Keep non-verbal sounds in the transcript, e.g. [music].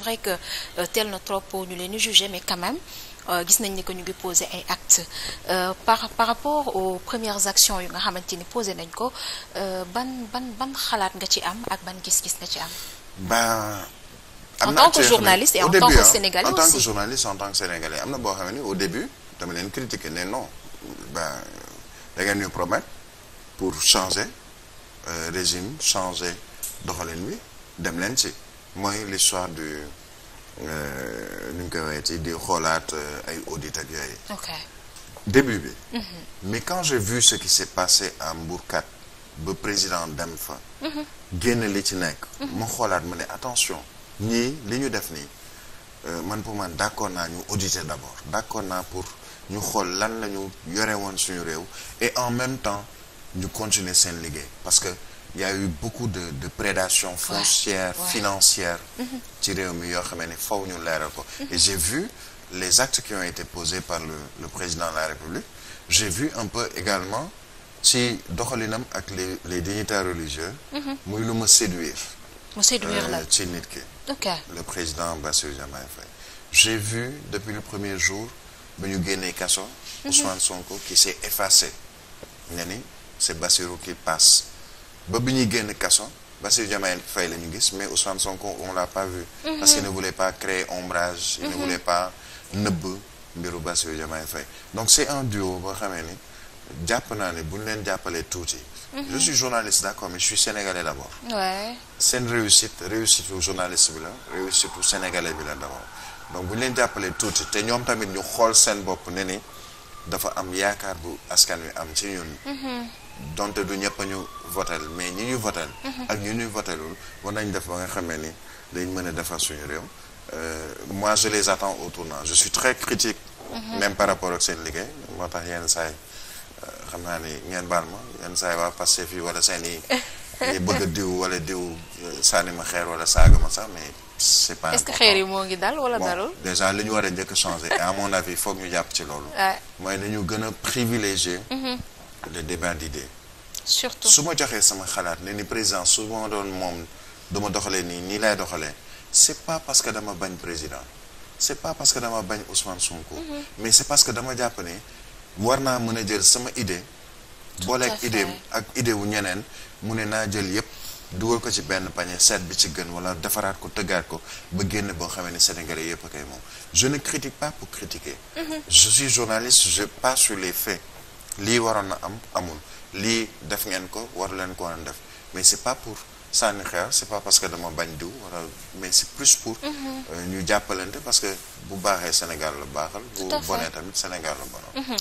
vrai que euh, na trop ñu leen di juger mais euh, gis nañ ni que ñu ngi poser ay actes euh, par par rapport aux premières actions nga xamante ni posé nañ ko euh, ban ban ban xalaat nga ci am ak ban gis-gis nga ci am. ben am na en tant que journaliste et en tant que sénégalais aussi am na boo xam ne au début dama leen critiquer ne non ben da ngeen pour changer régime changer doxalin wi dem leen ci. mooy l'histoire du euh, nu ñu koy weeti di xoolaat euh, ay audit ak yooyu début bi mm -hmm. mais quand j'ai vu ce qui s'est passé à Mbourkat ba président dem fa mhm. génn li ci nekk ma mhm. xoolaat ma ne attention ñii li ñu def nii euh, man pour man d'accord naa ñu auditer d'abord d'accord naa pour ñu xool lan lañu ñu yore woon suñu réew et en même temps ñu continuer seen liggéey parce que il y beaucoup de de prédation foncière ouais, ouais. financière mhm. ci réew mi yoo xamee ne faw ñu leeral ko mhm. et j'ai vu les actes qui ont été posés par le le président de la République j'ai vu un peu également ci doxalinam ak les les dignitaires religieux mhm. muy lu ma séduire mu euh, nit ki le président Bassirou Diomaye Faye j'ai vu depuis le premier jour ba ñu génnee kaso Ousmane Sonko qui s'est effacé nga ni c'est Bassirou qui passe ba bi ñuy génn kaso Bassirou Diomaye fay la ñu gis mais Ousmane Sonko on l'a pas vu. Mhm. parce qu'il ne voulait pas créer ombrage. il ne mhm. voulait pas nëbb mbiru Bassirou Diomaye Faye donc c'est un duo boo xamee ni jàpp naa ne bu ñu leen jàppalee tuuti. Mhm. je suis journaliste d'accord suis sénégalais d'abord. seen réussite réussite wu journaliste bi la réussite u sénégalais bi la d'abord donc bu ñu leen jàppalee tuuti te ñoom tamit ñu xool seen bopp ne nii dafa am yaakaar bu askan wi am ci ñun. Mm-hmm. donte du ñëpp ñu votel mais ñu ñu votel mm-hmm. ak ñu ñuy votelul war nañ def ba nga xamee ni dañ mën a defar suñu réew. Euh, moi je les attends au tournant je suis très critique. Mm-hmm. même par rapport ak seen liggéey moo tax yenn saay euh, xam naa ni ngeen baal ma yenn saay waa Pastef fii wala seen i. [laughs] mais [laughs] bëgg diw wala diw euh, sànni ma xeer wala saaga ma sax mais c'est pas. est-ce que xeer yi moo ngi dal wala dalul. déjà li ñu war a njëkk changer et à foog ñu jàpp ci loolu. mooy na gën a privilégier. Mm-hmm. le débat d'idées. surtout su ma joxee sama xalaat ne ni président su ma doon moom du ma doxalee nii nii lay doxalee c'est pas parce que dama bañ président c'est pas parce que dama bañ Ousmane Sonko. Mm-hmm. mais c'est parce que dama jàpp ne war naa mën a jël sama idée. booleeg idée ak idée wu ñeneen mu ne naa jël yëpp dugal ko ci benn panier seet bi ci gën wala defaraat ko tëggaat ko ba génn boo xamee ne sénégalais yëpp a koy moom je ne critique pas pour critiquer mm -hmm. je suis journaliste je passe sur les faits lii waroon na am amul li def ngeen ko war leen ko waroon def mais c'est pas pour sànni xeer c'est pas parce que dama bañ diw wala mais c'est plus pour mhm. euh, ñu jàppalante parce que bu baaxee Sénégal la baaxal bu bonee tamit Sénégal la bonal mhm.